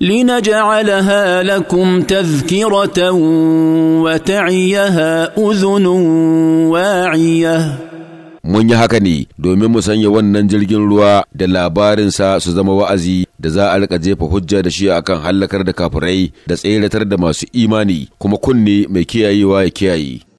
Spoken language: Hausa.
لنجعلها لكم تذكرة وتعيها أذن واعية mun yi haka ne domin mu sanya wannan jirgin ruwa da labarinsa su zama wa'azi da za a rika jefa hujja da shi akan hallakar da kafirai da tseratar da masu imani kuma kunne mai kiyayewa ya kiyaye